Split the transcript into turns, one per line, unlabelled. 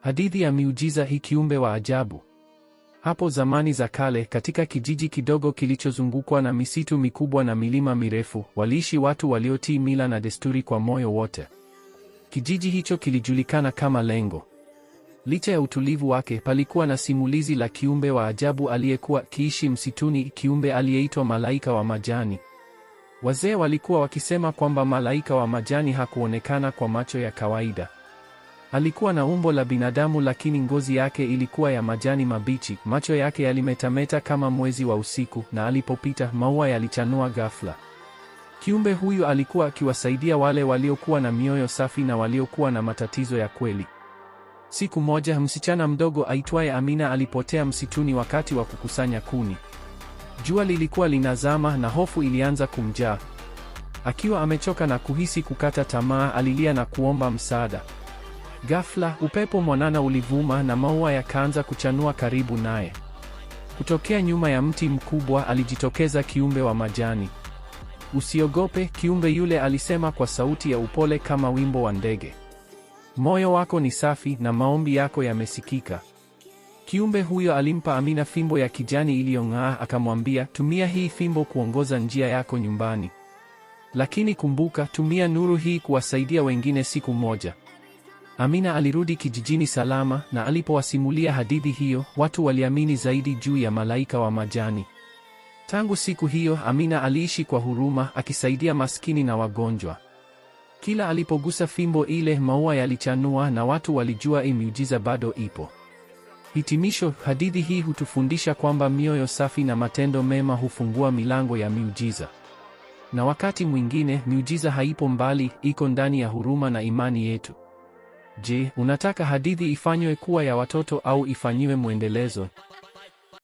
Hadithi ya miujiza hii kiumbe wa ajabu. Hapo zamani za kale, katika kijiji kidogo kilichozungukwa na misitu mikubwa na milima mirefu, waliishi watu waliotii mila na desturi kwa moyo wote. Kijiji hicho kilijulikana kama Lengo. Licha ya utulivu wake, palikuwa na simulizi la kiumbe wa ajabu aliyekuwa kiishi msituni, kiumbe aliyeitwa Malaika wa Majani. Wazee walikuwa wakisema kwamba Malaika wa Majani hakuonekana kwa macho ya kawaida. Alikuwa na umbo la binadamu lakini ngozi yake ilikuwa ya majani mabichi, macho yake yalimetameta kama mwezi wa usiku, na alipopita maua yalichanua ghafla. Kiumbe huyu alikuwa akiwasaidia wale waliokuwa na mioyo safi na waliokuwa na matatizo ya kweli. Siku moja, msichana mdogo aitwaye Amina alipotea msituni wakati wa kukusanya kuni. Jua lilikuwa linazama na hofu ilianza kumjaa. Akiwa amechoka na kuhisi kukata tamaa, alilia na kuomba msaada. Ghafla upepo mwanana ulivuma na maua yakaanza kuchanua karibu naye. Kutokea nyuma ya mti mkubwa alijitokeza kiumbe wa majani. Usiogope, kiumbe yule alisema kwa sauti ya upole kama wimbo wa ndege. Moyo wako ni safi na maombi yako yamesikika. Kiumbe huyo alimpa Amina fimbo ya kijani iliyong'aa, akamwambia, tumia hii fimbo kuongoza njia yako nyumbani, lakini kumbuka, tumia nuru hii kuwasaidia wengine siku moja. Amina alirudi kijijini salama, na alipowasimulia hadithi hiyo, watu waliamini zaidi juu ya malaika wa majani. Tangu siku hiyo, Amina aliishi kwa huruma, akisaidia maskini na wagonjwa. Kila alipogusa fimbo ile, maua yalichanua na watu walijua imiujiza bado ipo. Hitimisho, hadithi hii hutufundisha kwamba mioyo safi na matendo mema hufungua milango ya miujiza. Na wakati mwingine, miujiza haipo mbali, iko ndani ya huruma na imani yetu. Je, unataka hadithi ifanywe kuwa ya watoto au ifanyiwe mwendelezo?